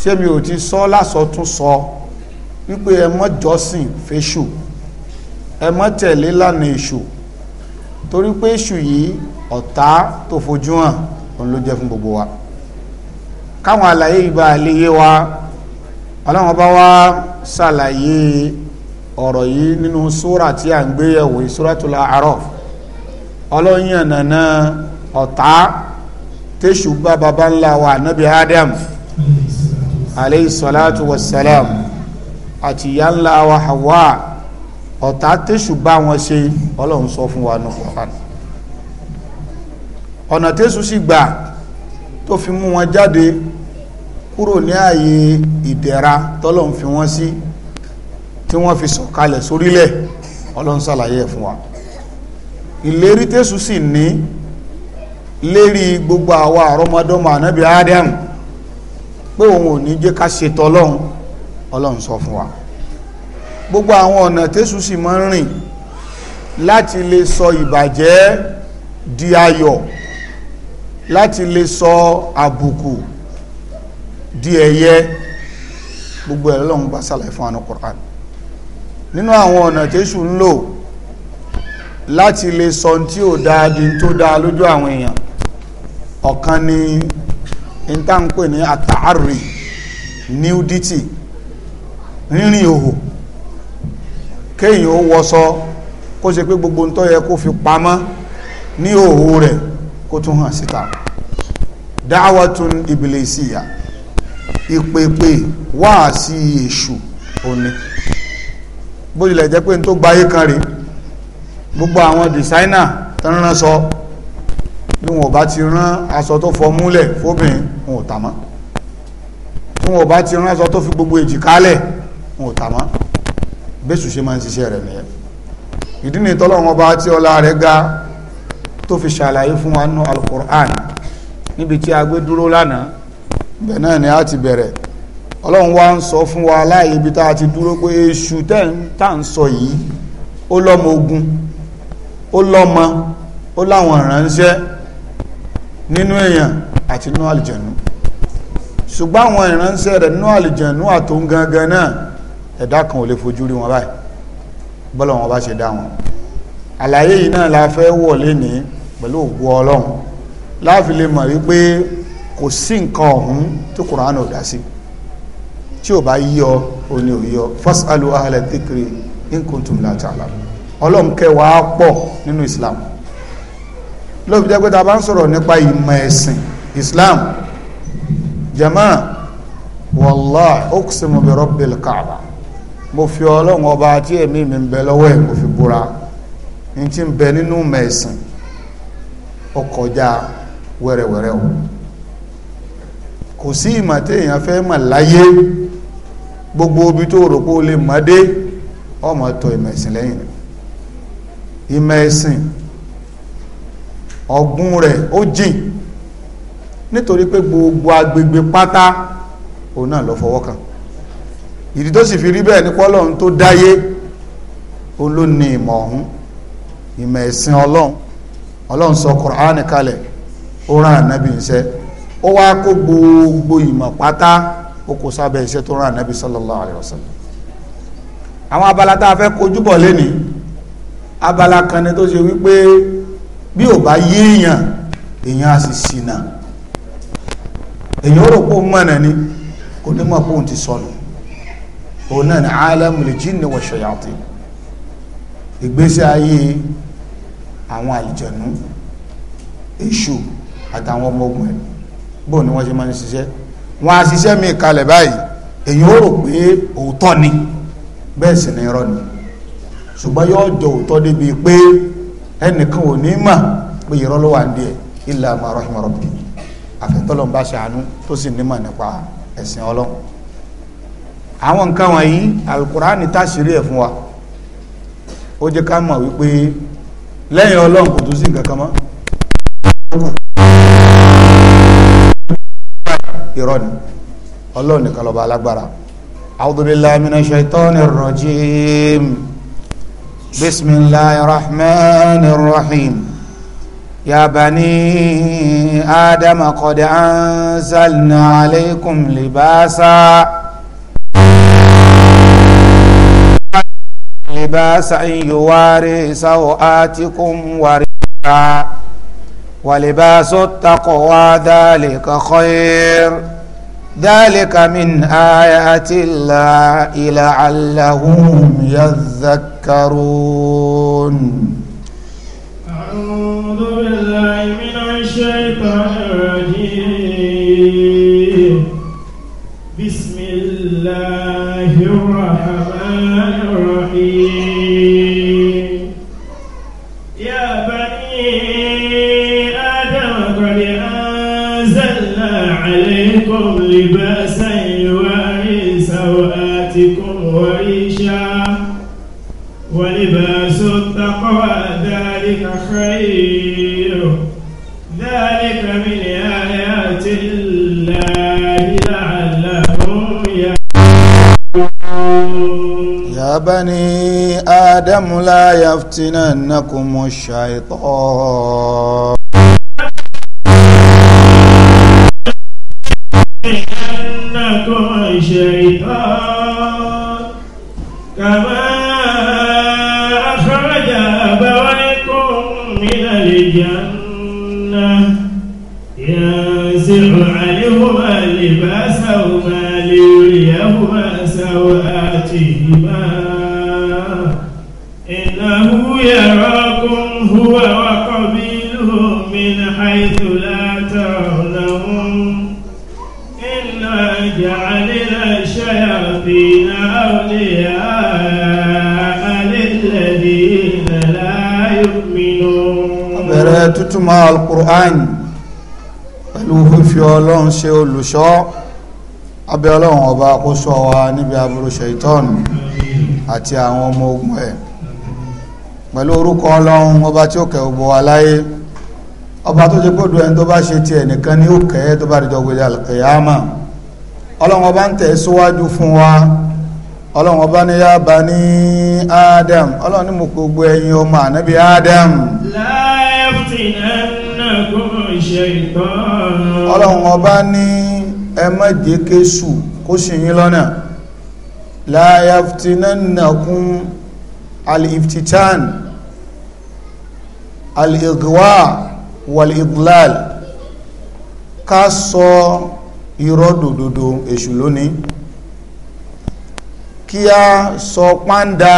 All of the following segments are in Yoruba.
ṣé mi ò ti sọ lásọ tún sọ wípé ẹ mọ́ jọ́sìn fẹ́ṣù ẹ mọ́ tẹ̀lé lánà èṣù torí pé èṣù yìí ọ̀tá tó fojú hàn òun ló jẹ́ fún gbogbo wa káwọn àlàyé ìbá lè yé wa ọlọ́run bá wá ṣàlàyé ọ̀rọ̀ yìí nínú súrà tí a ń gbé yẹ̀wò Suratul A'raf ọlọ́yìn ànànà ọ̀tá tẹ́ṣù bá baba ńlá wa ànábì Adam aleyhi salatu wa salam àti ìyá ńlá wa Hawa ọ̀tá tẹ́sù bá wọn ṣe ọlọ́run sọ fún wa nù Qur'an ọ̀nà tẹ́sù sì gbà tó fi mú wọn jáde kúrò ní ààyè ìdẹ̀ra tọ́lọ́run fi wọ́n sí tí wọ́n fi sọ̀kalẹ̀ sórílẹ̀ ọlọ́run ṣàlàyé fún wa ìlérí tẹ́sù sì ní lérí gbogbo àwa àrọ́mọdọ́mọ ànábì Adam pé òun ò ní jẹ́ ká ṣetọ́ ọlọ́run ọlọ́run sọ fún wa gbogbo àwọn ọ̀nà tẹ́sù sì máa ń rìn láti lè sọ ìbàjẹ́ di ayọ̀ láti lè sọ àbùkù di ẹ̀yẹ gbogbo ẹ̀ lọ́lọ́run bá ṣàlàyé fún àwọn Qur'an nínú àwọn ọ̀nà tẹ́sù ń lò láti lè sọ tí ò dáa di tó dáa lójú àwọn èèyàn ọ̀kan ni n tá n pè ní àtàárì nudity rírìn òhò kéèyàn ó wọṣọ kó ṣe pé gbogbo ń tó yẹ kó fi pamọ́ ní òhò rẹ̀ kó tún hàn síta dáwàtún ìbìlẹ̀síyà ìpèpè wáàsí èṣù òní bó tilẹ̀ jẹ́ pé n tó gbayé kan rèé gbogbo àwọn dìsáínà tó ń rán sọ bí wọn bá ti rán aṣọ tó fọ múlẹ̀ fóbìnrin wọn ò tà mọ́ bí wọn bá ti rán aṣọ tó fi gbogbo èjìkálẹ̀ wọn ò tà mọ́ ṣe máa ń ṣiṣẹ́ rẹ̀ nìyẹn ìdí ni tọ́lọ́wọ́n bá tí ọlá rẹ̀ ga tó fi ṣàlàyé fún wa nínú alukur'an níbi tí a gbé dúró lánàá bẹ̀ náà ni a ti bẹ̀rẹ̀ ọlọ́run wá ń sọ fún wa láàyè ibi tá a ti dúró pé èṣù tẹ́ ń tà ń sọ yìí ó lọ́mọ ogun ó lọ́mọ ó láwọn ìránṣẹ́ nínú èèyàn àti nínú àlìjẹ̀nú ṣùgbọ́n àwọn ìránṣẹ́ rẹ̀ nínú àlìjẹ̀nú àtòun gangan náà ẹ̀dá kan ò lè fojú rí wọn báyìí bọ́lá wọn bá ṣe dá wọn àlàyé yìí náà la fẹ́ wọ̀ lénìí pẹ̀lú òkú ọlọ́run láàfin lè mọ̀ wípé kò sí nǹkan ọ̀hún tó Kùránì ò dá sí tí ò bá yíyọ ò ní ò yíyọ fasalu ahla dhikri in kuntum la ta'lamun ọlọ́run kẹwàá pọ̀ nínú Islam lóbi jẹ́ pé ta bá ń sọ̀rọ̀ nípa ìmọ̀ ẹ̀sìn Islam jama wallahi uqsimu bi rabbil mo fi ọlọ́run ọba tí èmi mi ń bẹ lọ́wọ́ ẹ̀ fi búra n ti ń bẹ nínú ìmọ̀ ẹ̀sìn ó kọjá wẹ́rẹ́wẹ́rẹ́ o kò sí ìmọ̀ gbogbo obi tó rò pé o lè mọ̀ dé ọmọ tọ ìmọ̀ ọ̀gbun rẹ̀ ó jìn nítorí pé gbogbo agbègbè pátá òun náà lọ fọwọ́kàn. kàn ìdí tó sì fi rí bẹ́ẹ̀ ní pọ́lọ́run tó dáyé òun ló ní ìmọ̀ ọ̀hún ìmọ̀ ẹ̀sìn ọlọ́run ọlọ́run sọ Kùránì kalẹ̀ ó rán ànábì iṣẹ́ ó wá kó gbogbo ìmọ̀ pátá ó kó sábẹ́ iṣẹ́ tó rán ànábì sallallahu alaihi àwọn abala tá a fẹ́ kojú bọ̀ lénìí abala kan ni tó ṣe wípé bí ò bá yé èèyàn èèyàn á sì ṣìnà èèyàn ó rò pé òun mọ̀nà ni kò ní mọ̀ pé òun ti sọnù òun náà ní alamul jinni wa shayatin ìgbésí ayé àwọn àlìjẹ̀nú èṣù àtàwọn ọmọ ogun ẹ̀ bóun ni wọ́n ṣe máa ń ṣiṣẹ́ wọ́n á ṣiṣẹ́ mi kalẹ̀ báyìí èyí ó rò pé òótọ́ ni bẹ́ẹ̀ sì ni irọ́ ni ṣùgbọ́n yóò jọ òótọ́ débi pé ẹnìkan ò ní mà pé irọ́ ló wà nídìí illa ma rahima rabbi àfẹ́tọ́lọ́n bá ṣàánú tó sì nímọ̀ nípa ẹ̀sìn ọlọ́run àwọn nǹkan wọ̀nyí alukurani táṣìírí ẹ̀ fún wa ó jẹ́ ká mọ̀ wípé lẹ́yìn ọlọ́run kò tún sí nǹkan kan mọ́ irọ́ ni ọlọ́run nìkan lọ́ba alágbára a'udhu billahi minash shaitani rrajim. بسم الله الرحمن الرحيم يا بني آدم قد أنزلنا عليكم لباسا لباسا يواري سوآتكم ورئا ولباس التقوى ذلك خير ذلك من آيات الله لعلهم يذكرون أعوذ بالله من الشيطان الرجيم بسم الله الرحمن الرحيم عليكم لباسا يواري سوآتكم وريشا ولباس التقوى ذلك خير ذلك من آيات الله لعلهم يعلمون يا بني آدم لا يفتننكم الشيطان الشيطان كما أخرج أبويكم من الجنة ينزع عنهما لباسهما ليريهما سوآتهما إنه يراكم هو وقبيله من حيث لا أولياء للذين لا يؤمنون alukur'an pẹ̀lú fífi ọlọ́run ṣe olùṣọ́ abẹ́ ọlọ́run ọba kó wa níbi aburú ṣaitan àti àwọn ọmọ ogun ẹ̀ pẹ̀lú orúkọ ọlọ́run ọba tí ó kẹ́ gbogbo wa ọba tó ṣe gbọ́dọ̀ ẹni tó bá ṣe tiẹ̀ nìkan ní ó kẹ́ tó bá rí jọ gbẹ̀dẹ̀ àlùkẹ́yàmà ọba ń tẹ̀ síwájú fún wa ọlọ́run ọba ní yá bá ní adam ọlọ́run ní mo kò gbọ́ ẹ̀yin ọmọ ànábì adam ọlọ́run ọba ní ẹ má jẹ́ kéṣù kó ṣì yín lọ́nà láyàftinannakun aliftitan alìgbà wàlìgbàl ká sọ irọ́ dòdòdó èṣù lónìí kí a sọ pàǹdà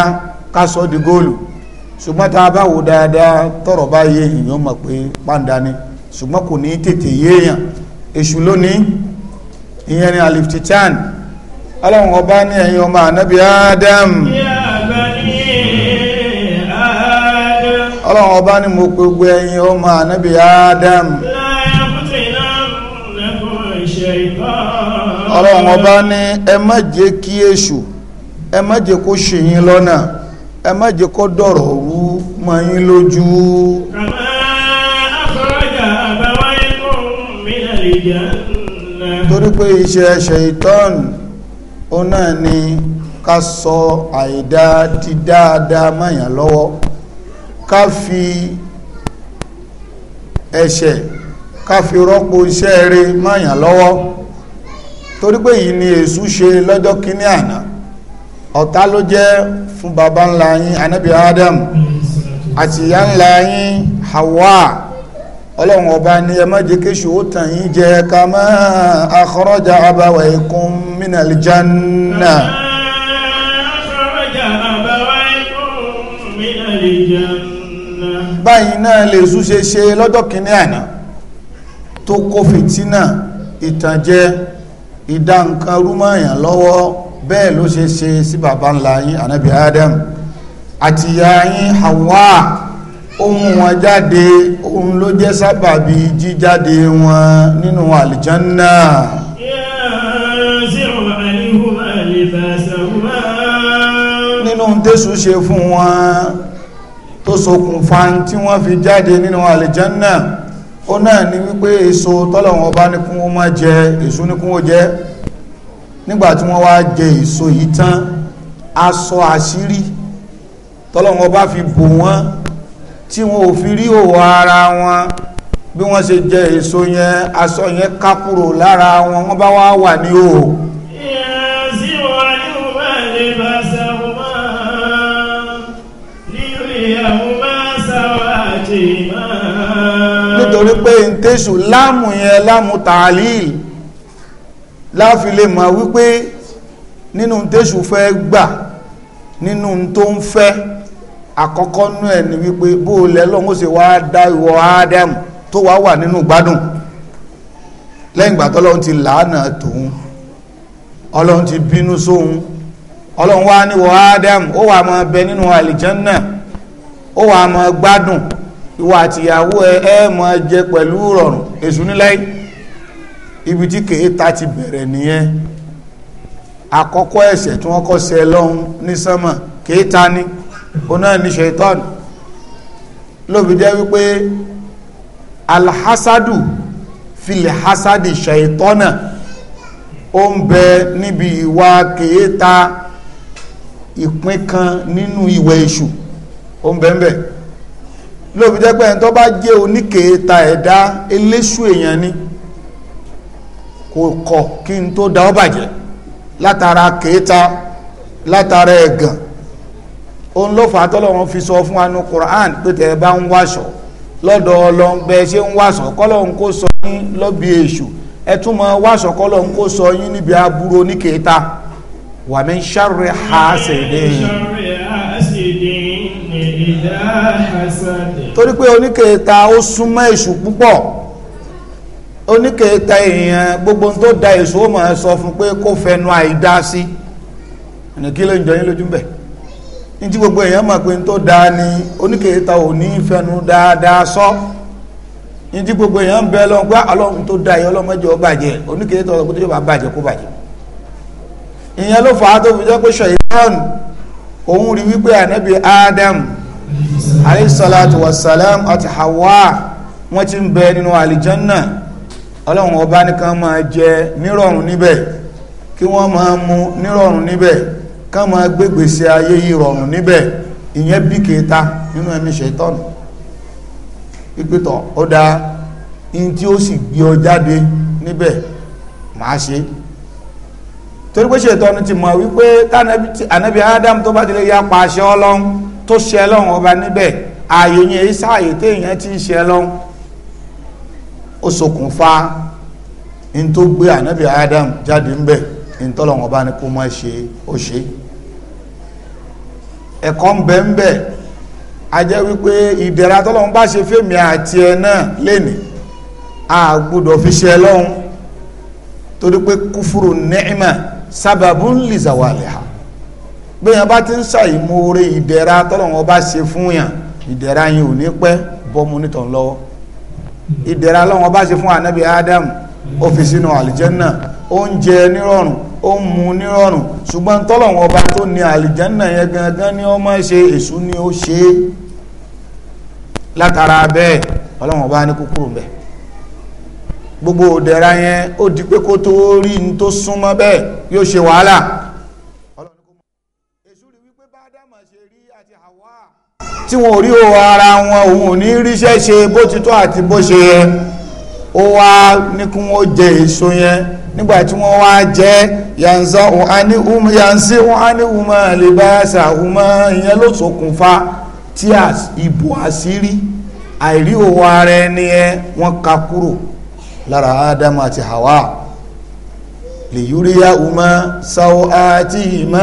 ká sọ di góòlù ṣùgbọ́n tá a bá wò dáadáa tọ̀rọ̀ bá yé èèyàn mọ̀ pé pàǹdà ni ṣùgbọ́n kò ní tètè yéèyàn èṣù lónìí ìyẹn ni aliftitan ọlọ́run ọba ní ẹ̀yin ọmọ ànábì Adam ọlọ́run ọba ní mo gbogbo ẹ̀yin ọmọ ànábì Adam ọlọ́run ọba ní ẹ má jẹ́ kí èṣù ẹ má jẹ́ kó ṣe yín lọ́nà ẹ má jẹ́ kó dọ̀rọ̀ rú mọ́ yín lójú. torí pé iṣẹ́ ṣèitán ó náà ni ká sọ àìdá ti dáadáa mọ́yàn lọ́wọ́ ká fi ẹ̀ṣẹ̀ ká fi rọ́pò iṣẹ́ rere mọ́yàn lọ́wọ́ torí pé yìí ni èṣù ṣe lọ́jọ́ kínní àná ọ̀tá ló jẹ́ fún baba ńlá yín anabi adam àti ìyá ńlá yín hawa ọlọ́run ọba ní ẹ má jẹ́ kéṣù ó tàn yín jẹ kama akhraja abawaykum minal janna báyìí náà lè súnṣe ṣe lọ́jọ́ kìíní àná tó kó fìtínà ìtànjẹ ìdá nǹkan rúmọ̀ọ́yàn lọ́wọ́ bẹ́ẹ̀ ló ṣe ṣe sí bàbá ńlá yín ànábì adam àti ìyá yín hawa ohun wọn jáde ohun ló jẹ́ sábàbí jíjáde wọn nínú àlìjánná nínú tẹ́sù ṣe fún wọn tó ṣokùnfà tí wọ́n fi jáde nínú àlìjánná ó náà ni wípé èso tọ́lọ̀wọ̀n bá ní kún ó má jẹ èso ní kún ó jẹ́ nígbà tí wọ́n wá jẹ èso yìí tán aṣọ àṣírí tọ́lọ́wọ́n bá fi bò wọ́n tí wọn ò fi rí òwò ara wọn bí wọ́n ṣe jẹ èso yẹn aṣọ yẹn ká kúrò lára wọn wọ́n bá wá wà ní òhò. nítorí pé ntẹ́sù láàmù yẹn láàmù tààlì láàfi lè mọ̀ wípé nínú tẹ́sù fẹ́ gbà nínú tó ń fẹ́ àkọ́kọ́ nú ẹ̀ ni wípé bó o lẹ́ lọ́wọ́ sì wá dá ìwọ ádámù tó wá wà nínú gbádùn lẹ́yìn ìgbà tọ́lọ́run ti làánà tòun ọlọ́run ti bínú sóhun ọlọ́run wá níwọ̀ ádámù ó wà máa bẹ nínú àlìjánná ó wà máa gbádùn ìwọ àtìyàwó ẹ ẹ máa jẹ pẹ̀lú rọrùn èṣù níláyìí ibi tí kèéta ti bẹ̀rẹ̀ nìyẹn àkọ́kọ́ ẹ̀ṣẹ̀ tí wọ́n kọ́ ṣe lọ́hún ní sánmà kèéta ni ó náà ní ṣetán lóbi jẹ́ wípé alhassadu filẹ̀ hassadi ṣetánà ó ń bẹ níbi ìwà kèéta ìpín kan nínú ìwẹ̀ èṣù ó ń bẹ́ẹ̀ lóbi jẹ́ pé ẹni tó bá jẹ́ oníkèéta ẹ̀dá eléṣù èèyàn ni. Kèéta, kò kọ̀ kí n tó da ọ́ bàjẹ́ látara kéta látara ẹ̀gàn òun ló fà á tọ́lọ̀ wọn fi sọ fún wa Qur'an pé tẹ̀ ẹ bá ń wàṣọ lọ́dọ̀ ọlọ́n bẹ́ẹ̀ ṣe ń wàṣọ kọ́lọ̀ ń kó sọ yín lọ́bi èṣù ẹ tún mọ wàṣọ kọ́lọ̀ ń kó sọ yín níbi aburú oníkéta wa min sharri hasidin torí pé oníkèéta ó súnmọ́ èṣù púpọ̀ oníkẹta èèyàn gbogbo tó da èso ó máa sọ fún pé kó fẹnu àìdá sí ẹnì kí ló ń jọ yín lójú ní gbogbo èèyàn mọ̀ pé tó da ni oníkẹta ò ní fẹnu dáadáa sọ ní gbogbo èèyàn ń bẹ ah, ọlọ́run tó da yìí ọlọ́mọdé oníkẹta ọlọ́run tó yọba bàjẹ́ kó bàjẹ́ ìyẹn ló fà á tó fi jẹ́ pé òun rí wípé Adam alayhi salatu ati Hawa ti ń bẹ ọlọ́run ọba nìkan máa jẹ nírọ̀rùn níbẹ̀ kí wọ́n máa mu nírọ̀rùn níbẹ̀ ká máa gbé gbèsè ayé yìí rọ̀rùn níbẹ̀ ìyẹn bí kẹta nínú ẹ̀mí ṣètọ́nù ìpìtọ̀ ó dáa in tí ó sì gbé ọ jáde níbẹ̀ máa ṣe torí pé ṣètọ́nù ti mọ̀ wípé ànábì Adam tó bá ti lè yapa àṣẹ ọlọ́run tó ṣe ọlọ́run ọba níbẹ̀ ààyè yẹn ṣáàyè téèyàn ti ṣe ọlọ́run ó ṣokùnfà n tó gbé ànábì Adam jáde ńbẹ n tọ́lọ̀wọ̀n bá ní kó má ṣe ó ṣe ẹ̀kọ́ ń bẹ ń bẹ a jẹ́ wípé ìdẹ̀ra tọ́lọ̀wọ̀n bá ṣe fèmí àti ẹ náà lénìí a gbọ́dọ̀ fi ṣe lọ́hùn torí pé kúfúrú nẹ́ẹ̀mà sábàbù ń lè zàwàlẹ̀ ha gbẹ̀yàn bá ti ń ṣàìmoore ìdẹ̀ra tọ́lọ̀wọ̀n bá ṣe fún yàn ìdẹ̀ra yìí ò ní pẹ́ bọ́mu nítàn lọ́wọ́ ìdẹ̀ra Ọlọ́run bá ṣe fún anabi adam ó fi sínú àlìjẹ́nà ó ń jẹ nírọ̀rùn ó ń mu nírọ̀rùn ṣùgbọ́n tọ́lọ̀wọ́n ọba tó ní àlìjẹ́nà yẹn gangan ni ó máa ṣe èṣù ni ó ṣe é látara bẹ́ẹ̀ Ọlọ́run ọba ní kúkúrú bẹ́ẹ̀ gbogbo ìdẹ̀ra yẹn ó di pé kó tó rí ní tó súnmọ́ bẹ́ẹ̀ yóò ṣe wàhálà tí wọn ò rí o ara wọn òun ò ní ríṣẹ́ ṣe bó ti tọ́ àti bó ṣe yẹ ó wá ní kí wọ́n jẹ èso yẹn nígbà tí wọ́n wá jẹ yansi wọn á ní umar alibasa umar ìyẹn ló ṣokùnfà tí ìbò àṣírí àìrí òwò ara ẹni ẹ wọ́n ka kúrò lára ádámù àti hawa lè yúrí yá umá sáwọ́ àti ìmá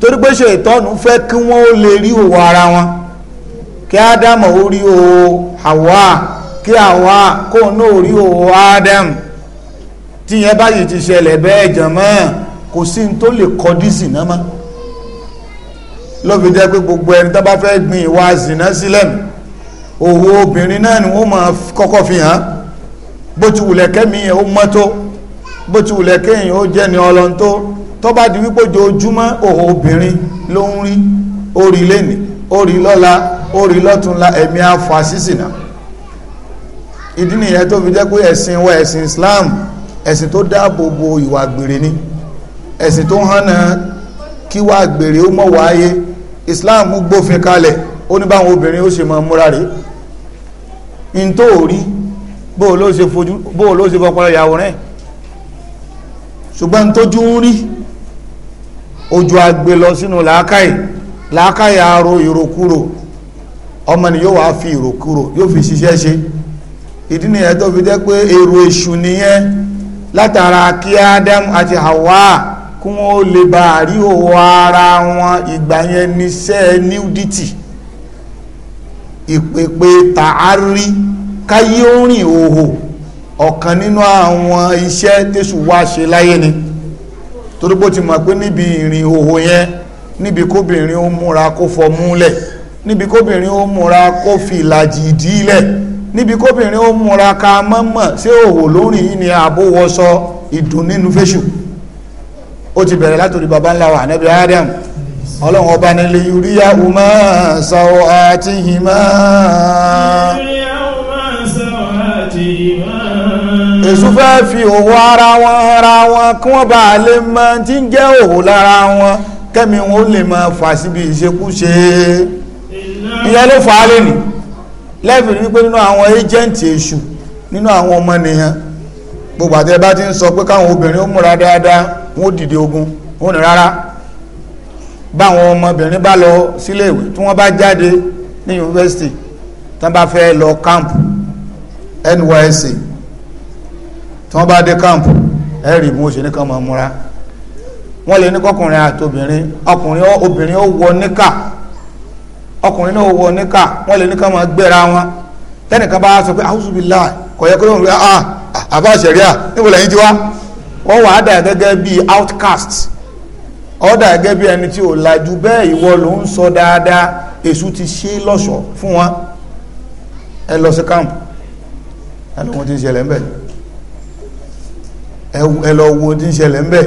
torí pé ṣe ìtọ́nù fẹ́ kí wọ́n ó lè rí òwò ara wọn kí Adam orí o Hawa kí Hawa kó ní orí o ádámù tíyẹn báyìí ti ṣẹlẹ̀ bẹ́ẹ̀ jàmọ́ kò sí ní tó lè kọ́ dí sìnà mọ́ lọ́bi jẹ́ pé gbogbo ẹni tó bá fẹ́ gbin ìwà zìnà sílẹ̀ òwò obìnrin náà ni wọ́n máa kọ́kọ́ fi hàn bó ti wùlẹ̀ kẹ́mi yẹn ó mọ́tó bó ti wùlẹ̀ kéèyàn ó jẹ́ ni ọlọ́n tó bá di wípé ojoojúmọ́ òwò obìnrin ló ń rí ó rí lẹ́nìí ó rí lọ́la ó rí lọ́túnla ẹ̀mí afọ àṣìṣìnà ìdí nìyẹn tó fi jẹ́ pé ẹ̀sìn wa ẹ̀sìn Islam ẹ̀sìn tó dáàbò bo ìwà àgbèrè ni ẹ̀sìn tó hànà kí wà àgbèrè ó mọ̀ wáyé Islam gbófin kalẹ̀ ó ní báwọn obìnrin ó ṣe máa múra rèé in tó rí bóò ló ṣe fojú bóò ló ṣe fọpọlọ ṣùgbọ́n tójú ń rí ojú agbe lọ sínú làákàyè làákàyè aró ìrokúrò ọmọ ni yóò wá fi ìròkúrò yóò fi ṣiṣẹ́ ṣe ìdí nìyẹn tó fi jẹ́ pé èrò èṣù nìyẹn látara kí Adam àti Hawa kí wọ́n lè bá rí òwò ara wọn ìgbà yẹn níṣẹ́ nudity ìpèpè tààrí káyé orin òhò ọ̀kan nínú àwọn iṣẹ́ tẹ́sù wá ṣe láyé ni torí bó ti mọ̀ pé níbi ìrìn òhò yẹn níbi kóbìnrin ó múra kó fọ múlẹ̀ níbi kóbìnrin ó múra kó fi ìlàjì ìdílẹ̀ níbi kóbìnrin ó múra ka mọ́mọ́ sí òhò lórí yìí ni àbówọsọ ìdùn nínú fẹ́ṣù ó ti bẹ̀rẹ̀ látòrí baba ńlá wa ànábì Adam ọlọ́run ọba nílé yúríyá umá sàwọ́ àti hìmá èṣù fẹ́ fi òwò ara wọn ara wọn kí wọ́n bá lè mọ tí ń jẹ́ òwò lára wọn kẹ́mi wọn ó lè mọ fà síbi ìṣekúṣe ìyẹn ló fà á lè nì lẹ́bìrì wípé nínú àwọn ẹjẹ́ǹtì èṣù nínú àwọn ọmọnìyàn gbogbo àti ẹbá ti ń sọ pé káwọn obìnrin ó múra dáadáa wọn ó dìde ogun wọn ò ní rárá báwọn ọmọbìnrin bá lọ sílé ìwé tí wọ́n bá jáde ní yunifásitì tán bá fẹ́ lọ camp NYSC tí wọ́n bá dé camp ẹ̀rì mú òṣèré kan máa múra wọ́n lè ní kọkùnrin àti obìnrin ọkùnrin obìnrin ó wọ níkà ọkùnrin náà wọ níkà wọ́n lè níkà máa gbéra wọn tẹ́nìkan bá sọ pé ahùsùbìlà kò yẹ kó rí ah, ah àbá ṣẹ̀ríà níbo lẹ́yìn tí wá wọ́n wà á dà gẹ́gẹ́ bí outcast ó dà gẹ́gẹ́ bí ẹni tí ò lajú bẹ́ẹ̀ ìwọ ló ń sọ dáadáa èṣù ti ṣe lọ́ṣọ̀ọ́ fún wọn ẹ lọ sí camp ẹ lọ wọn ti ń ṣẹlẹ̀ ńbẹ̀ ẹ lọ wo ti ń ṣẹlẹ̀ ńbẹ̀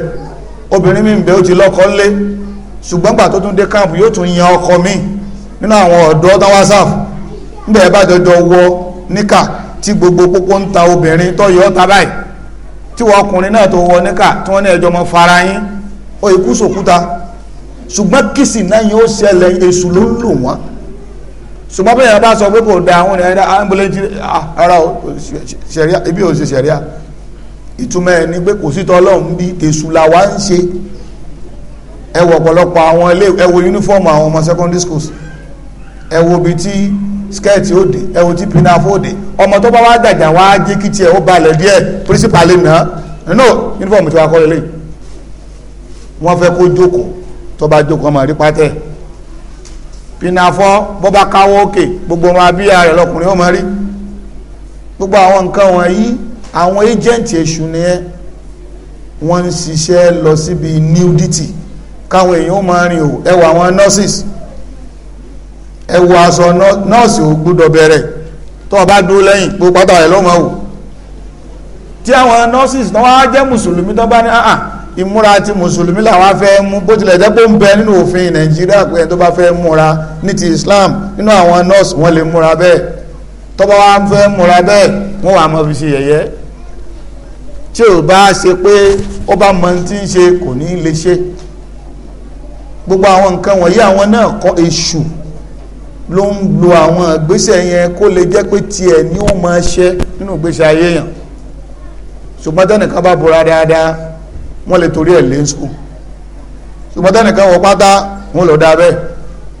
obìnrin mi ń bẹ ó ti lọ́kọ ńlé ṣùgbọ́n gbà tó tún dé camp yóò tún yan ọkọ míì nínú àwọn ọ̀dọ́ tán wá sáfù níbẹ̀ bá jọjọ wọ níkà tí gbogbo pópó ń ta obìnrin tó yọ ọ́ ta báyìí tí wọ́n ọkùnrin náà tó wọ níkà tí wọ́n ní ẹjọ́ mọ́ fara yín ó ikú sòkúta ṣùgbọ́n kìsì náà yóò ṣẹlẹ̀ èṣù ló ń lò wọ́n ṣùgbọ́n bẹ́ẹ̀ bá sọ pé kò da àwọn ènìyàn dá ambulance jí ara ṣẹ̀ríà ibi ò ṣe ṣẹ̀ríà ìtumọ̀ ẹ̀ ni pé kò sí tọ́lọ́run bí èṣù la wá ń ṣe ẹ ọ̀pọ̀lọpọ̀ àwọn ilé ẹ wọ àwọn ọmọ secondary schools ẹ wo bi tí skẹ́ẹ̀tì òde ẹ wo tí pinafo òde ọmọ tó bá wá gbàgbà wá jẹ́ kí tiẹ̀ ó balẹ̀ díẹ̀ principal nà nínú uniform tí wàá kọ́ lélẹ̀ wọ́n fẹ́ kó jókòó tó bá jókòó ọmọ rí pátẹ́ pinafo bó bá káwọ́ òkè gbogbo ọmọ abíyá rẹ̀ lọkùnrin ó máa rí gbogbo àwọn nǹkan wọ̀nyí àwọn ẹ́jẹ̀ǹtì èṣù nìyẹn wọ́n ń ṣiṣẹ́ lọ síbi nudity káwọn èèyàn ó máa rìn o ẹwà àwọn nurses ẹ wo aṣọ nọ́ọ̀sì ò gbúdọ̀ bẹ̀rẹ̀ tó o bá dúró lẹ́yìn pé pátá rẹ̀ lọ́mọ wò tí àwọn nọ́ọ̀sì tó wá jẹ́ mùsùlùmí tó bá ní àà ah, ah, ìmúra ti mùsùlùmí làwọn afẹ́ mú bó tilẹ̀ jẹ́ pé ń bẹ nínú òfin nàìjíríà pé ẹni tó bá fẹ́ múra ní ti islam nínú àwọn nọ́ọ̀sì wọ́n lè múra bẹ́ẹ̀ tó bá wá fẹ́ múra bẹ́ẹ̀ wọ́n wà mọ́ fi ṣe yẹ̀yẹ́ tí ò bá ṣe pé ó bá mọ tí ń ṣe kò ní lè ṣe gbogbo àwọn nǹkan wọ̀nyí àwọn náà kọ́ èṣù ló ń lo àwọn ìgbésẹ̀ yẹn kó lè jẹ́ pé tiẹ̀ ni ó máa ṣe nínú ìgbésẹ̀ ayé yẹn ṣùgbọ́n tẹ́nìkan bá bora dáadáa wọ́n lè torí ẹ̀ lé ń sùn ṣùgbọ́n tẹ́nìkan wọ pátá wọ́n lọ dáa bẹ́ẹ̀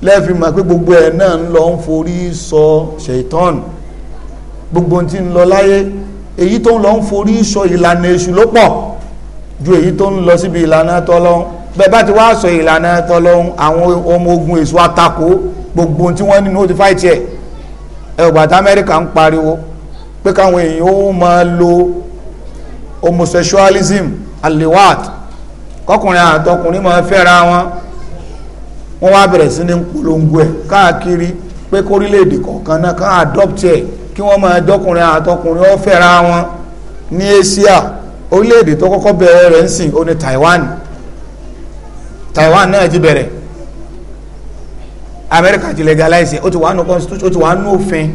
lẹ́ẹ̀fin mọ̀ pé gbogbo ẹ̀ náà ń lọ ń forí sọ ṣèitán gbogbo tí ń lọ láyé èyí tó ń lọ ń forí sọ ìlànà èṣù ló pọ̀ ju èyí tó ń lọ síbi ìlànà tọ́lọ́hún bẹ́ẹ̀ bá ti wá sọ ìlànà tọ́lọ́hún àwọn ọmọ ogun èṣù atakò gbogbo tí wọ́n ní notify tiẹ̀ ẹgbà tí amẹ́ríkà ń pariwo pé káwọn èèyàn lo homosexualism aliwat kọkùnrin àtọkùnrin máa fẹ́ra wọn wọ́n wá bẹ̀rẹ̀ sí ní polongo ẹ̀ káàkiri pé kórílẹ̀ kọ̀ọ̀kan náà kan adopt ẹ̀ kí wọ́n máa dọ́kùnrin àtọkùnrin ó fẹ́ra wọn ní Asia orílẹ̀ tó kọ́kọ́ Taiwan Taiwan náà ti bẹ̀rẹ̀ America ti legalize ó ti wà nù constitution ó ti wà nù òfin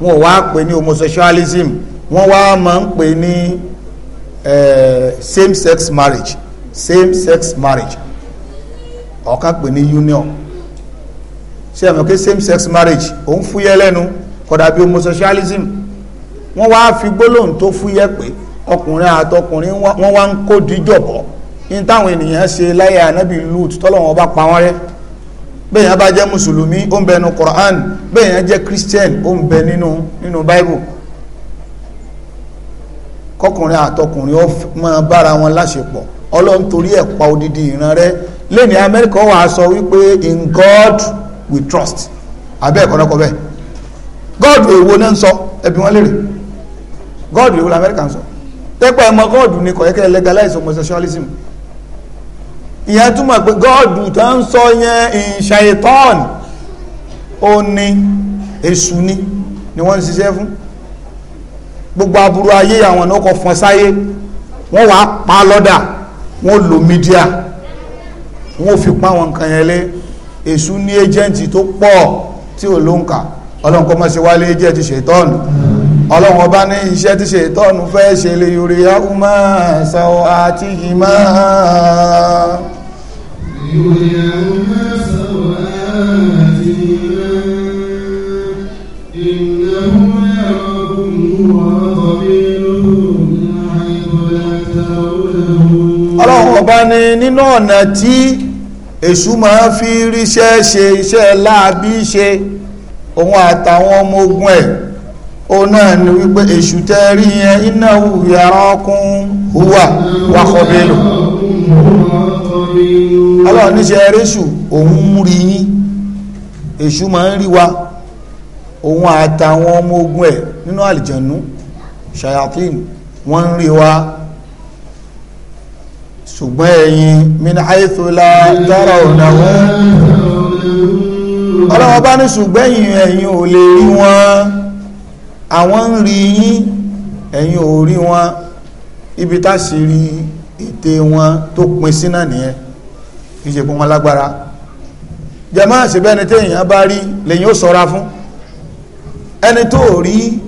wọn wá pè ní homosexualism wọ́n wá máa ń pè ní eh, same sex marriage same sex marriage ọ̀kan pè ní union ṣé àmọ́ pé same sex marriage òun fúyẹ́ lẹ́nu kódà bí homosexualism wọ́n wá fi gbólóhùn tó fúyẹ́ pé ọkùnrin àtọkùnrin wọ́n wá ń kó díjọ̀bọ̀ ní táwọn ènìyàn ṣe láyé ànábì lut tọ́lọ́wọ́n bá pa wọ́n rẹ́ bẹ́ẹ̀ yẹn bá jẹ́ mùsùlùmí ó ń bẹ nínú Quran bẹ́ẹ̀ yẹn jẹ́ Christian ó ń bẹ nínú Bible kọkùnrin àtọkùnrin ó máa bára wọn láṣepọ̀ ọlọ́run torí ẹ̀ pa odidi ìran rẹ lẹ́ni Amẹ́ríkà wà á sọ wípé in God we trust abẹ́ ẹ̀kọ́ náà kọ bẹ́ẹ̀ God èwo náà ń sọ ẹbí wọn léèrè God èwo lamẹ́ríkà ń sọ tẹ́pẹ́ ẹ̀mọ God ni kọ̀yẹ́kẹ́ legalize homosexualism ìyẹn túmọ̀ pé gọ́ọ̀dù tó ń sọ yẹn ìṣàìtọ́ọ̀n ó ní èṣù ni ni wọ́n ń ṣiṣẹ́ fún gbogbo aburú ayé àwọn náà kọ fọn sáyé wọ́n wàá pa lọ́dà wọ́n lò mídíà wọ́n fi pa àwọn nǹkan yẹn lé èṣù ní ẹjẹ́ǹtì tó pọ̀ tí ò ló ń kà ọlọ́run kọ́ mọ́ sí wálé ẹjẹ́ ti ṣètọ́ọ̀nù ọlọ́run ọba ní iṣẹ́ tí ṣètọ́ọ̀nù fẹ́ ṣe lè yorùbá ó máa sọ àti ìmáà كلاهما سوآتهما إنه يراكم هو قبيله من حيث لا ترونه ọlọ́run ọba ni nínú ọ̀nà tí èṣù máa fi ríṣẹ́ ṣe iṣẹ́ láàbí ṣe òun àtàwọn ọmọ ogun ẹ̀ òun náà ni wípé èṣù tẹ́ rí yẹn iná wù yàrá ọkùnrin huwa wa qabilu ọlọ́run níṣẹ́ eréṣù òun ń rí yín èṣù máa ń rí wa òun àtàwọn ọmọ ogun ẹ̀ nínú àlìjànú shayatin wọ́n ń rí wa ṣùgbọ́n ẹ̀yin min haythu la tarawnahum ọlọ́wọ́ bá ní ṣùgbọ́n ẹ̀yin ò lè rí wọn àwọn ń rí yín ẹ̀yin ò rí wọn ibi tá sì rí ète wọn tó pin sí náà nìyẹn kì í ṣe fún wọn lágbára jẹmọ́ àṣìbẹ́ni téèyàn bá rí lẹ́yìn ó ṣọ́ra fún ẹni tó rí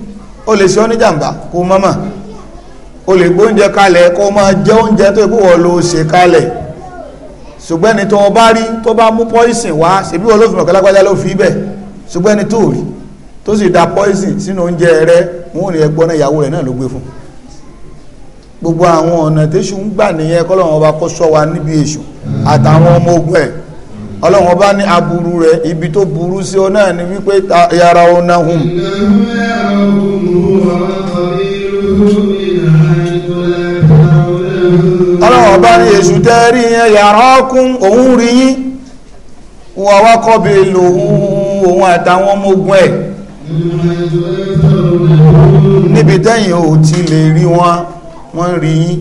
ó lè ṣe ọ́ ní jàǹbá kó mọ́mọ́ o lè gbé oúnjẹ kalẹ̀ kó máa jẹ oúnjẹ tó ikú wọ́n ló ṣe kalẹ̀ ṣùgbọ́n ẹni tó bá rí tó bá mú poison wá ṣèbí wọn ló fi mọ̀ kálágbájá ló fi bẹ̀ ṣùgbọ́n ẹni tó rí tó sì da poison sínú oúnjẹ rẹ wọn ò ní ẹgbọ́n náà ìyàwó rẹ̀ náà ló gbé fún un gbogbo àwọn ọ̀nà tẹ́sù ń gbà nìyẹn kọ́lọ́run ọba kó ṣọ́ wa níbi èṣù àtàwọn ọmọ ogun ẹ̀ ọlọ́run ọba ní aburú rẹ̀ ibi tó burú sí ọ náà ni wípé yàrá ọ̀nà hùn ọlọ́run ọba ní èṣù tẹ́ yẹn yàrá ọkùn òun rí yín wọ́n wá kọ́ bí lòun òun àtàwọn ọmọ ogun ẹ̀ níbi tẹ́yìn ò ti lè rí wọn wọ́n rí yín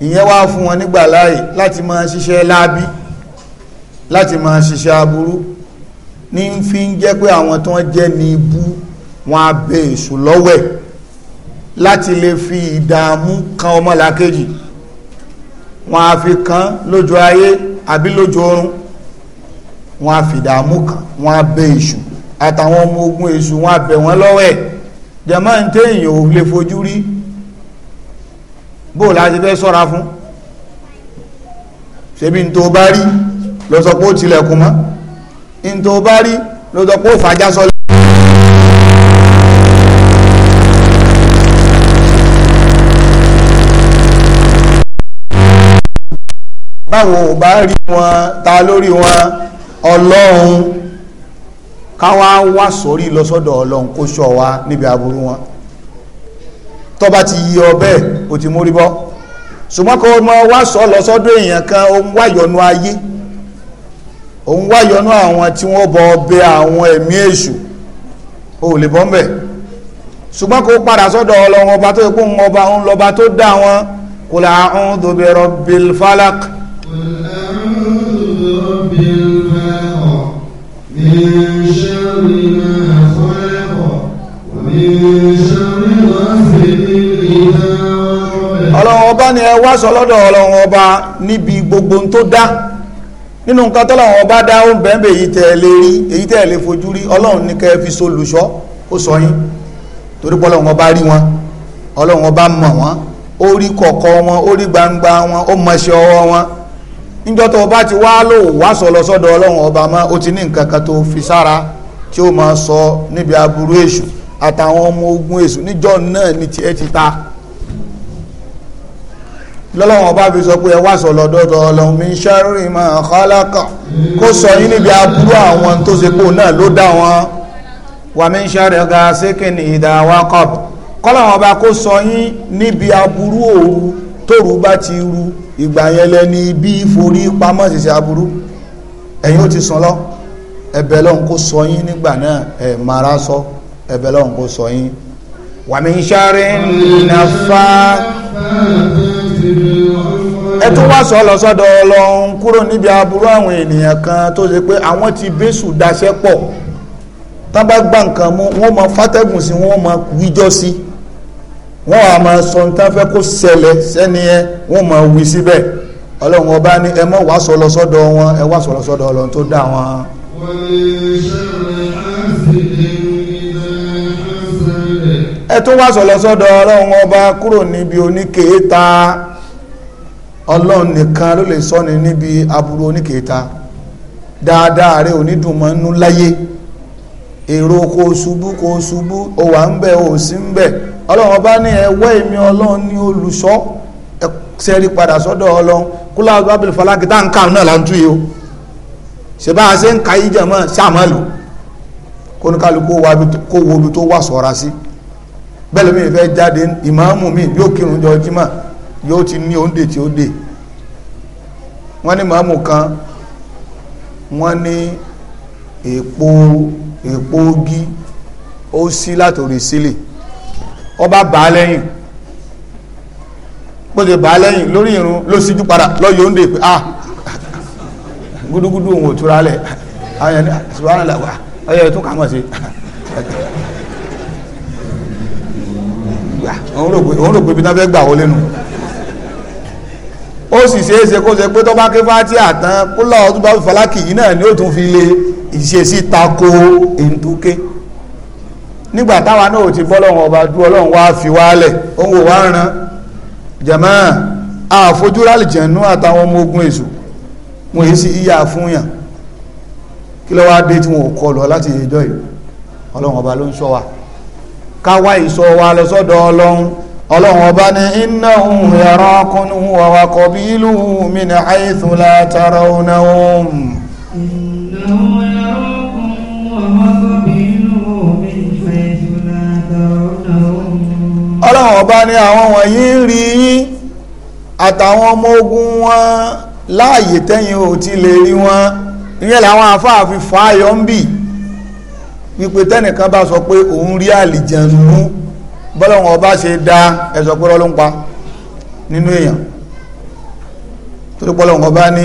ìyẹn wá fún wọn nígbà láàyè láti máa ṣiṣẹ́ lábí láti máa ṣiṣẹ́ aburú ní fi ń jẹ́ pé àwọn tó ń jẹ́ ní ibú wọn abẹ èṣù lọ́wẹ̀ láti lè fi ìdààmú kan ọmọlàkejì wọn a fi kan lójú ayé àbí lójú ọ̀run wọn a fi ìdààmú kan wọn abẹ èṣù àtàwọn ọmọ ogun èṣù wọn abẹ wọn lọ́wẹ̀ jẹ́mọ́ ní téèyàn ò lè fojú rí bóò láti fẹ́ sọ́ra fún ṣebí ntò bá rí lọ sọ pé ó tilẹ̀kùn mọ́ ntò bá rí lọ sọ pé ó fàájà sọ lẹ́yìn. báwo ò bá rí wọn ta lórí wọn ọlọ́run káwá wá sórí lọ sọ́dọ̀ ọlọ́run kó ṣọ́ wa níbi aburú wọn tó bá ti yí ọ bẹ́ẹ̀ o ti mórí bọ́ ṣùgbọ́n kó o máa wá sọ lọ sọ́dọ̀ èèyàn kan o ń wáyọnu ayé o ń wáyọnu àwọn tí wọ́n bọ ọbẹ̀ àwọn ẹ̀mí èṣù o lè bọ́ mbẹ̀ ṣùgbọ́n kó o padà sọ́dọ̀ ọlọ́run ọba tó yẹ kó ń ọba ń lọ́ba tó dá wọn kò là ń dòbí rabbil falak. من ọlọ́run ọba ni ẹ wá sọ lọ́dọ̀ ọlọ́run ọba níbi gbogbo tó dá nínú nǹkan tọ́lọ́run ọba dá ó ń bẹ́ẹ̀bẹ̀ èyí tẹ́ lè rí èyí ọlọ́run ní fi solùṣọ́ ó sọ yín torí pé ọba rí wọn ọlọ́run ọba mọ̀ wọn ó rí wọn ó rí gbangba wọn ó ọwọ́ wọn níjọ́ tó bá ti ọba mọ́ ó ti ní nǹkan kan sọ àtàwọn ọmọ ogun èṣù níjọ́ náà ní tiẹ̀ ti ta lọ́lọ́wọ́n bá fi sọ pé ẹ wá sọ lọ́dọ́dọ́ ọlọ́run mi ń ṣẹ́rìn máa kálákà kó sọ yín níbi aburú àwọn tó ṣe pò náà ló dá wọn wà mí ń ṣẹ́rìn ga sékìnì ìdá wakọ̀p kọ́lọ́wọ́n bá kó sọ yín níbi aburú òru tóru bá ti ru ìgbà yẹn lẹ́ni bí forí pamọ́ ṣiṣẹ́ aburú ẹ̀yin ó ti sàn lọ ẹ̀bẹ̀ lọ́hùn kó sọ yín nígbà náà ẹ̀ mara sọ. So ẹ̀bẹ̀ lọ́hùn kó sọ yín wa min sharri nafa ẹ tún wá sọ lọ sọ́dọ̀ Ọlọ́run kúrò níbi aburú àwọn ènìyàn kan tó ṣe pé àwọn ti bẹ́sù daṣẹ́ pọ̀ tá bá gbà nǹkan mú wọ́n máa fátẹ́gùn sí wọ́n máa wíjọ́ sí wọ́n á máa sọ ní táfẹ́ kó ṣẹlẹ̀ sẹ́ni ẹ wọ́n máa wí síbẹ̀ Ọlọ́run ọba ní ẹ mọ̀ wá sọ lọ wọn ẹ wá sọ lọ sọ́dọ̀ tó dá wọn. wọ́n lè ṣe ìrìn àná. tún wá sọ̀lọ̀ sọ́dọ̀ ọlọ́run ọba kúrò níbi oníkèéta ọlọ́run nìkan ló lè sọ́ni níbi aburú oníkèéta dáadáa rẹ onídùnmọ́ nú láyé èrò kò ṣubú kò ṣubú ó wà ń bẹ̀ ó sì ń bẹ̀ ọlọ́run ọba ní ẹwọ́ èmi ọlọ́run ní olùṣọ́ sẹ́rí padà sọ́dọ̀ ọlọ́run kúláwọ́ bábìlì falákì tá à ń kà náà là ń tú yìí o ṣe bá a ṣe ń ka yíjà mọ́ ṣàmọ́ kóníkàlù kó wo ibi tó wà sí. Si bẹ́ẹ̀ mi fẹ́ jáde ìmáàmù mi bí kírun jọ jimá yóò ti ní òǹdè tí ó dè wọ́n ní kan wọ́n ní èpo èpo ó sí ọba bàá lẹ́yìn bó ṣe bàá lẹ́yìn lórí irun ló síjú padà lọ́yọ̀ òǹdè pé ah gudugudu òun ò túra lẹ̀ ayọ̀ ní subhanallah ka ètò sí òun rò pé bí wọ́n fẹ́ gbà wọlé nù ó sì ṣe é ṣe kó ṣe pé tó bá ké fáti àtàn kó lọ́wọ́ tó bá fi falákì yìí náà ni ó tún fi lé ìṣesí tako èntúké nígbà táwa náà ò ti bọ́ lọ́wọ́ ọba dúró ọlọ́run wá fi wálẹ̀ òun ò wá ran jàmá àfojúrà àlìjẹ̀nú àtàwọn ọmọ ogun èṣù wọn èyí sì yíyà fún kí ló wá dé tí wọn ò kọlọ láti ìjọ yìí ọlọ́run ọba ló ń sọ wa. káwá ìsọ wa lọ sọ́dọ̀ ọlọ́run ọlọ́run ọba ní innahum yarakun wa wa qabiluhu min haythu la tarawnahum ọlọ́run ọba ni àwọn wọ̀nyí ń rí yín àtàwọn ọmọ ogun wọn láàyè tẹ́yìn ò ti lè rí wọn ìyẹn làwọn afáàfin fàáyọ ń bì wípé tẹ́nìkan bá sọ pé òun rí àlìjẹ̀nú bọ́lọ̀wọ̀n ọba ṣe dá ẹ̀sọ̀ pé rọ́ló ń pa nínú èèyàn torí bọ́lọ̀wọ̀n ọba ní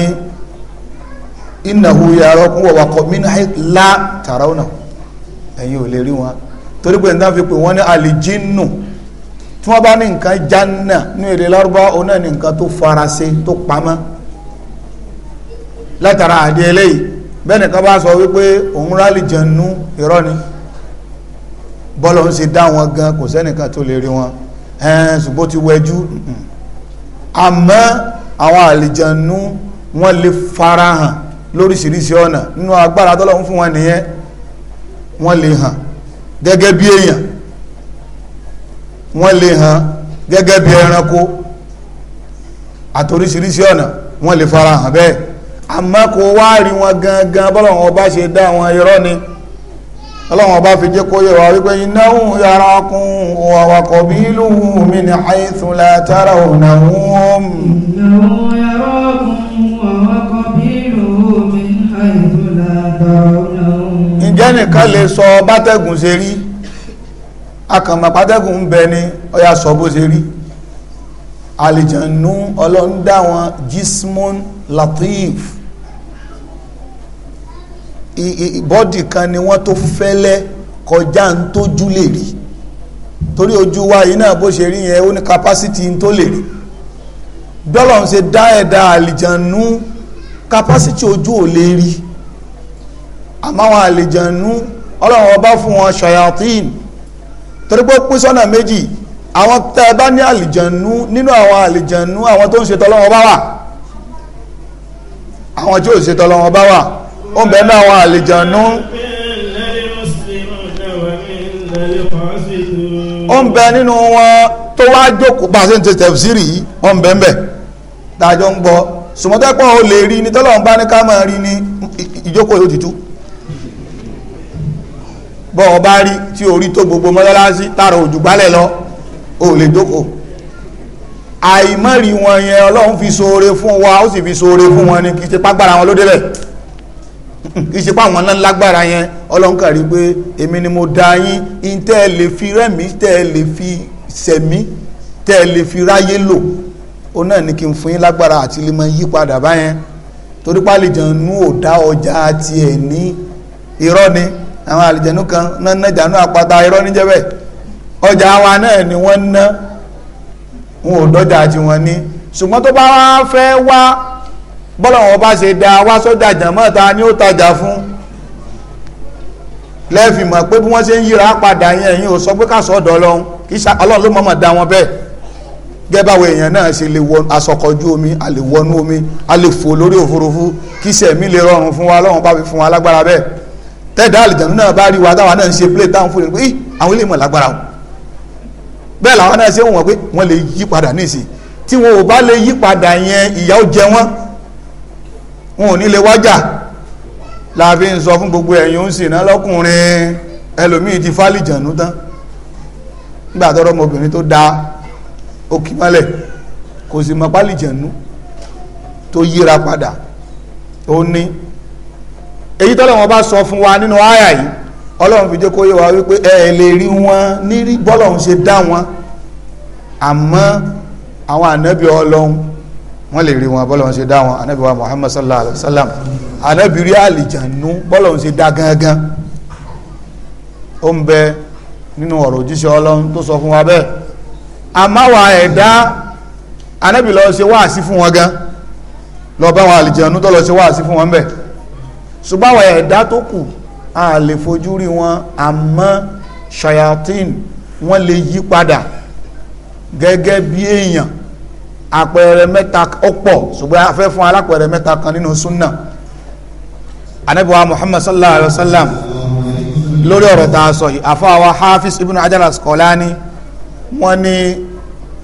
innahu yarakum wa min haythu la tarawna ẹ̀yin ò lè rí wọn torí pé nǹkan fi pè wọ́n ní àlìjínù tí wọ́n bá ní nǹkan jánà ní èdè lárúbá òun ní nǹkan tó faraṣe tó pamọ́ látara àdé eléyìí bẹ́ẹ̀ni kan bá sọ wípé òun rálì jẹnu irọ́ ni bọ́lọ̀ ń ṣe dá wọn gan kò sẹ́nìkan tó lè rí wọn ẹ̀ẹ́n ṣùgbọ́n ti wẹjú àmọ́ àwọn àlìjẹnu wọ́n lè farahàn lóríṣiríṣi ọ̀nà nínú agbára tọ́lọ̀ ń fún wọn nìyẹn wọ́n lè hàn gẹ́gẹ́ bí èèyàn wọ́n lè hàn gẹ́gẹ́ bí ẹranko àtoríṣiríṣi ọ̀nà wọ́n lè farahàn bẹ́ẹ̀ àmọ́ kò wá rí wọn gangan bọ́lọ̀wọ́n bá ṣe dá wọn irọ́ ni ọlọ́wọ́n bá fi jẹ́ kó yẹ wá wípé innahu yarakum wa qabiluhu min haythu la tarawnahum innahu yarakum wa qabiluhu min haythu la nìkan lè sọ bátẹ́gùn ṣe rí akànmọ̀ pátẹ́gùn ń bẹ ni ọya sọ bó ṣe rí àlìjànú ọlọ́ndà wọn latif bọ́dì kan ni wọ́n tó fẹ́lẹ́ kọjá ń tójú lè rí torí ojú wa yìí náà bó ṣe rí yẹn ó ní kapásítì ń tó lè rí dọ́là ń ṣe dá ẹ̀dá àlìjànú kapásítì ojú ò lè rí àmọ́ àwọn àlìjànú ọlọ́run ọba fún wọn ṣayatin torí pé ó pín sọ́nà méjì àwọn tẹ́ ẹ bá ní àlìjànú nínú àwọn àlìjànú àwọn tó ń ṣe tọ́lọ́run ọba wà àwọn tí ò ṣe tọ́lọ́run ọba wà. ó ń bẹ náà àwọn àlejànú ó ń bẹ nínú wọn tó wá jókòó bá a ṣe ń tètè sírí yìí ó ń bẹ dájọ́ ń gbọ́ sùmọ́tẹ́pọ̀ ó lè rí ni tọ́lọ́run bá ní ká máa rí ní ìjókòó yóò tìtú bọ́ ọ bá rí tí orí tó gbogbo mọ́lọ́lásí tààrà òjò lọ ó lè jókòó àìmọ́rí wọn yẹn ọlọ́run fi ṣoore fún wa ó sì fi ṣoore fún wọn ni kì í ṣe pàgbára wọn ló débẹ̀ ìṣepá àwọn náà lágbára yẹn ọlọ́run kàrí pé èmi ni mo dá yín in tẹ́ ẹ lè fi rẹ́mi tẹ́ ẹ lè fi sẹ̀mí tẹ́ ẹ lè fi ráyé lò ó náà ní kí n fún yín lágbára àti lè máa yí padà báyẹn torí pé àlìjànú ò dá ọjà tiẹ̀ ní irọ́ ni àwọn àlìjànú kan náà nájànú àpáta irọ́ níjẹ́ bẹ́ẹ̀ ọjà wa náà ni wọ́n ná wọn ò dọ́jà tiwọn ní ṣùgbọ́n tó bá wá fẹ́ wá bọ́lọ̀wọ́ bá ṣe da wá sọ́jà jàmọ́ ta ni ó tajà fún lẹ́fìmọ̀ pé bí wọ́n ṣe ń yíra padà yẹn ẹ̀yin ò sọ pé ká sọ́dọ̀ ọlọ́run kí ọlọ́run ló mọ̀mọ̀ da wọn bẹ́ẹ̀ gẹ́bàwọ̀ èèyàn náà ṣe lè wọ asọ̀kọjú omi a lè wọnú omi a lè fò lórí òfurufú kí sẹ̀mí lè rọrùn fún wa ọlọ́run bá fi fún wa lágbára bẹ́ẹ̀ tẹ́ẹ̀dá àlìjànú náà bá rí wa táwa náà ń ṣe plé táwọn fún mi àwọn ilé ìmọ̀ lágbára o bẹ́ẹ̀ làwọn náà ṣe wọ̀n pé wọ́n lè yí padà nísìn tí wọn ò bá lè yí padà yẹn ìyà ó jẹ wọ́n wọn ò ní lè wájà láàbí ń sọ fún gbogbo ẹ̀yin ó ń sìnà lọ́kùnrin ẹlòmíì ti fálìjànú tán nígbà tọrọ ọmọbìnrin tó da òkì mọ́lẹ̀ kò sì mọ tó yíra padà ó ní èyí tọ́lọ̀ wọn bá sọ fún wa nínú àyà yìí ọlọ́run fi jẹ́ kó yé wa wípé ẹ lè rí wọn ní ṣe dá wọn àmọ́ àwọn wọ́n lè rí wọn bọ́lọ̀ ń ṣe dá wọn anabi muhammad sallallahu alayhi wa sallam anabi rí àlìjànú bọ́lọ̀ ń ṣe dá gangan ó ń bẹ nínú ọ̀rọ̀ òjíṣẹ́ ọlọ́run tó sọ fún wa bẹ́ẹ̀ àmáwà ẹ̀dá anabi lọ ṣe wáàsí fún wọn gan lọ bá wọn àlìjànú tó lọ ṣe wáàsí fún wọn bẹ́ẹ̀ ṣùgbọ́n àwọn ẹ̀dá tó kù a lè fojú rí wọn àmọ́ ṣayatin wọ́n lè yí padà gẹ́gẹ́ bí èèyàn àpẹẹrẹ mẹ́ta ọ̀pọ̀ ṣùgbọ́n a fẹ́ fún alápẹẹrẹ mẹ́ta kan nínú súnà anabiwa muhammad sallallahu alayhi wa sallam lórí ọ̀rọ̀ tá a sọ yìí àfọwọ́ hafiz ibn hajar al-Asqalani wọ́n ní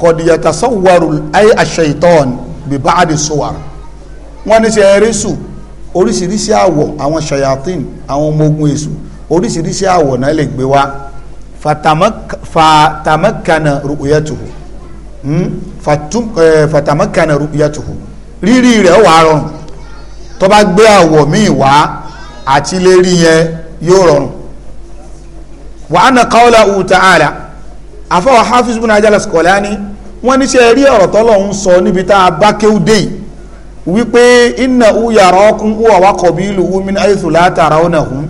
kọ̀dìyàtà sọ́wọ́rù ayé àṣeyìtọ́n bí báàdì sọ́wọ́rù wọ́n ní ṣe eréṣù oríṣiríṣi àwọ̀ àwọn shayatin àwọn ọmọ ogun èṣù oríṣiríṣi àwọ̀ náà lè gbé wa fatamakana ru'yatuhu Hmm? Eh, fatamakana ruyatuhu rírí rẹ̀ wà rọrùn tó bá gbé àwọ̀ míì wá àti lè rí yẹn yóò rọrùn wa anna qawlahu ta'ala afọwọ́ hafiz bin ajala skolani wọ́n ní ṣe rí ọ̀rọ̀ tọ́lọ́hun sọ níbi tá a bá kéwú dé wípé innahu yarakum huwa wa qabiluhu min haythu la tarawnahum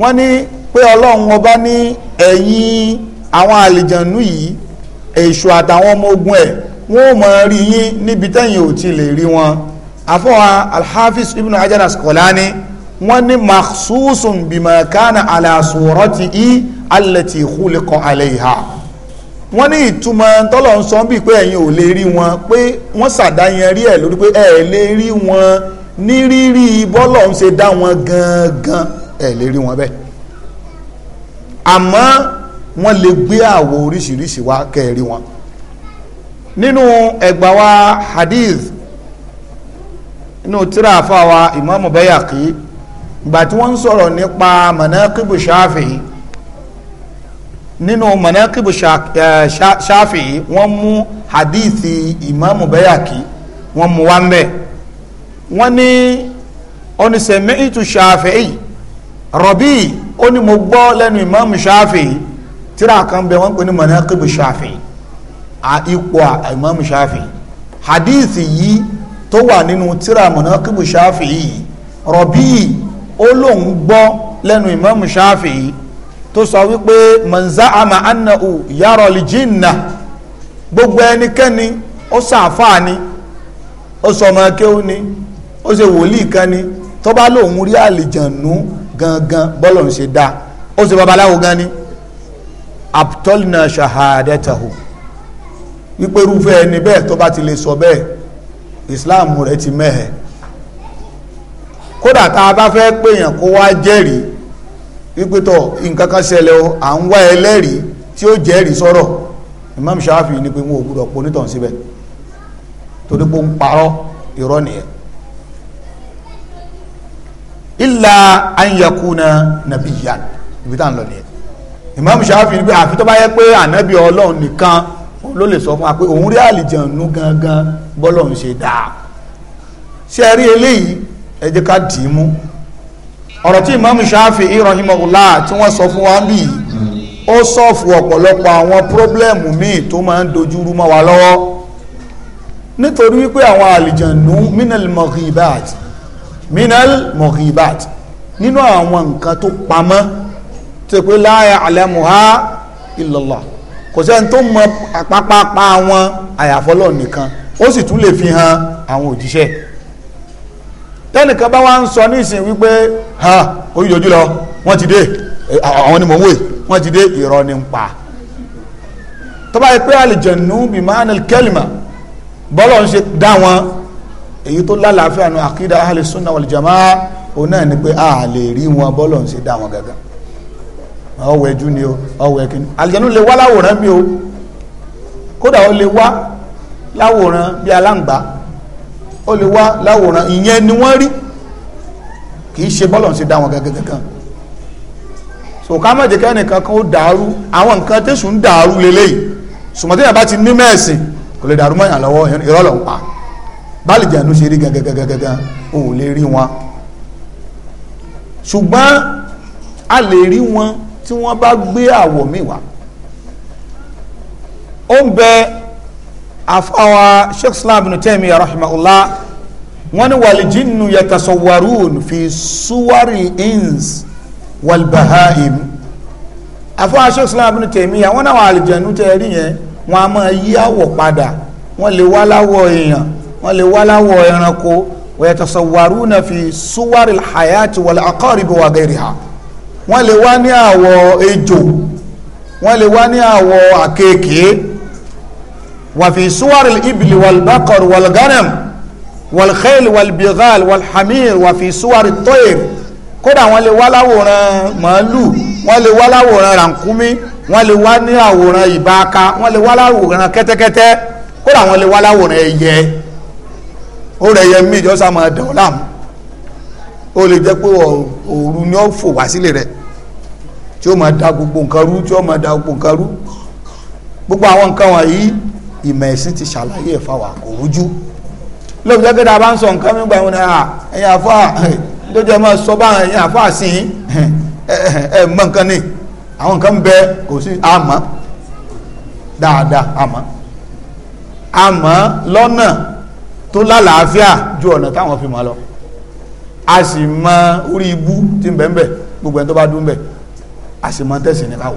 wọ́n ní pé ọlọ́run ọba ní ẹ̀yìn àwọn àlìjànú yìí èṣù àtàwọn ọmọ ogun ẹ̀ wọ́n mọ̀ rí yín níbi tẹ́yìn ò ti lè rí wọn àfọwọ́n alhafiz ibn hajar asqalani wọ́n ní maksusun bimakana alasorati i alati khuliqa alayha wọ́n ní ìtumọ̀ tọ́lọ̀ ń sọ bí pé ẹ̀yin ò lè rí wọn pé wọ́n sàdáyẹn rí ẹ̀ lórí pé ẹ̀ lè rí wọn ní rírí bọ́lọ̀ ń ṣe dá wọn gangan ẹ̀ lè rí wọn bẹ́ẹ̀ àmọ́ wọ́n lè gbé àwọ̀ oríṣiríṣi wá kẹ́ẹ̀rí wọn nínú ẹgbà wa hadith nínú tíra àfa wa ìmáàmù Bayhaqi ìgbà tí wọ́n ń sọ̀rọ̀ nípa manaqibu Shafi'i nínú manaqibu Shafi'i wọ́n mú hadithi ìmáàmù Bayhaqi wọ́n mú wá ń bẹ̀ wọ́n ní oníṣẹ́mẹ́ìtù Shafi'i Rabi ó ní mo gbọ́ lẹ́nu ìmáàmù Shafi'i tíra kan bẹ wọ́n pè ní manaqibu shafi ipò imam shafi hadith yìí tó wà nínú tíra manaqibu shafi yìí rọ̀bí ó lóun gbọ́ lẹ́nu imam shafi yìí tó sọ wípé manza ama anahu yàrá lìjìnnà gbogbo ẹnikẹ́ni ó sàfáà ni ó sọ ọmọ akéwú ni ó ṣe wòlíì kan ni tó bá lóun rí àlìjànú gangan bọ́lọ̀ ń ṣe dáa ó babaláwo gan abtolna shahadatahu wípé irúfẹ́ ẹni bẹ́ẹ̀ tó bá ti lè sọ bẹ́ẹ̀ islam rẹ̀ ti mẹ́hẹ̀ kódà tá a bá fẹ́ pèèyàn kó wá jẹ́rìí wípé tọ̀ nǹkan kan ṣẹlẹ̀ o à ń wá ẹlẹ́rìí tí ó jẹ́rìí sọ̀rọ̀ imam shafi ni pé wọn ò gbúdọ̀ pọ̀ onítàn síbẹ̀ torí pé ń parọ́ irọ́ nìyẹn illa an yakuna nabiyyan ibi tá à ń lọ nìyẹn Imam Shafi'i pé àfi tó bá yẹ pé ànábì ọlọ́run nìkan ló lè sọ fún wa pé òun rí àlìjànú gangan bọ́lọ́run ṣe dáa ṣé ẹ rí eléyìí ẹ jẹ́ ká dì í mú ọ̀rọ̀ tí Imam Shafi'i rahimahullah tí wọ́n sọ fún wa ń bì yìí ó sọ̀fù ọ̀pọ̀lọpọ̀ àwọn pírọ́blẹ́mù míì tó máa ń dojúrú mọ́ wa lọ́wọ́ nítorí wípé àwọn àlìjànú minal mọ̀gìbàt minal mọ̀gìbàt nínú àwọn nǹkan tó pamọ́ tó pé la ya'lamuha illallah kò sẹ́ni tó mọ àpapàpá wọn àyàfọ́lọ́ nìkan ó sì tún lè fi hàn àwọn òjíṣẹ́ tẹ́nìkan bá wá ń sọ ní ìsìn wípé hàn oyíjojú lọ wọ́n ti dé àwọn ni mò ń wè wọ́n ti dé irọ́ ni ń pa tó bá yẹ pé àlìjẹ̀nù bí ma'ana al-kalima bọ́lọ̀ ń ṣe dá wọn èyí tó lálàáfíà nu àkídà ahli sunna wal jamaa òun náà ni pé a lè rí wọn bọ́lọ̀ ń ṣe dá wọn gàgà ọwọ́ ẹjú ni o ọwọ́ ẹkíní àlìjẹ̀nú lè wá láwòrán mi o kódà ó lè wá láwòrán bí aláǹgbá ó lè wá láwòrán ìyẹn ni wọ́n rí kì í ṣe bọ́lọ̀ sí dá wọn gẹ́gẹ́ kan so ká má jẹ́ kẹ́ni kankan ó dàrú àwọn nǹkan tẹ̀sùn ń dàrú lélẹ́yìí sùmọ́tí yàrá bá ti ní mẹ́ẹ̀sìn kò lè dàrú mọ́yàn lọ́wọ́ ìrọ́lọ́ ń pa bálìjànú ṣe rí gẹ́gẹ́gẹ́gẹ́gẹ́ ò lè rí wọn ṣùgbọ́n a lè rí wọn tí wọ́n bá gbé àwọ̀ mi wá ó ń bẹ àfáwà sheikh islam ibn taymiya rahimahullah wọ́n ní wàlìjínú yatasawwarun fi suwari ins walbahaim àfáwà sheikh islam ibn taymiya wọ́n náà àlìjẹ̀nú tẹ́ rí yẹn wọ́n a máa yí àwọ̀ padà wọ́n lè wá láwọ̀ èèyàn wọ́n lè wá láwọ̀ ẹranko wa yatasawwaruna fi suwari alhayati wal aqarib wa ghayriha wọ́n lè wá ní àwọ̀ ejò wọ́n lè wá ní àwọ̀ àkekèé wàfi suwari ibili walbakar walganam walxel walbigal walhamir wàfi suwari toyir kódà wọ́n lè wá láwòrán màálù wọ́n lè wá láwòrán rànkúmí wọ́n lè wá ní àwòrán ìbáka wọ́n lè wá láwòrán kẹ́tẹ́kẹ́tẹ́ kódà wọ́n lè wá láwòrán ẹyẹ ó rẹ̀ yẹ mí ìjọ́sà máa dẹ̀ ọ́ láàmú ó lè jẹ́ pé òru ni ó fò wá sílé rẹ̀ tí ó máa da gbogbo nǹkan rú tí ó máa da gbogbo nǹkan rú gbogbo àwọn nǹkan wọ̀nyí ìmọ̀ ẹ̀sìn ti ṣàlàyé ẹ̀fà wà kò rújú lóòbí jẹ́ kéde àbá ń sọ nǹkan nígbà wọn náà ẹ̀yìn àfọ́ lójú ẹ̀ máa sọ bá ẹ̀yìn àfọ́ àsìn ẹ̀ mọ̀ nǹkan ni àwọn nǹkan ń bẹ kò sí àmọ́ dáadáa àmọ́ àmọ́ lọ́nà tó lálàáfíà ju ọ̀nà táwọn fi mọ̀ lọ a sì mọ orí ibú tí ń bẹ́ẹ̀ bẹ́ẹ̀ gbogbo ẹni tó bá dún bẹ́ẹ̀ a sì mọ tẹ̀sí ní káwọ́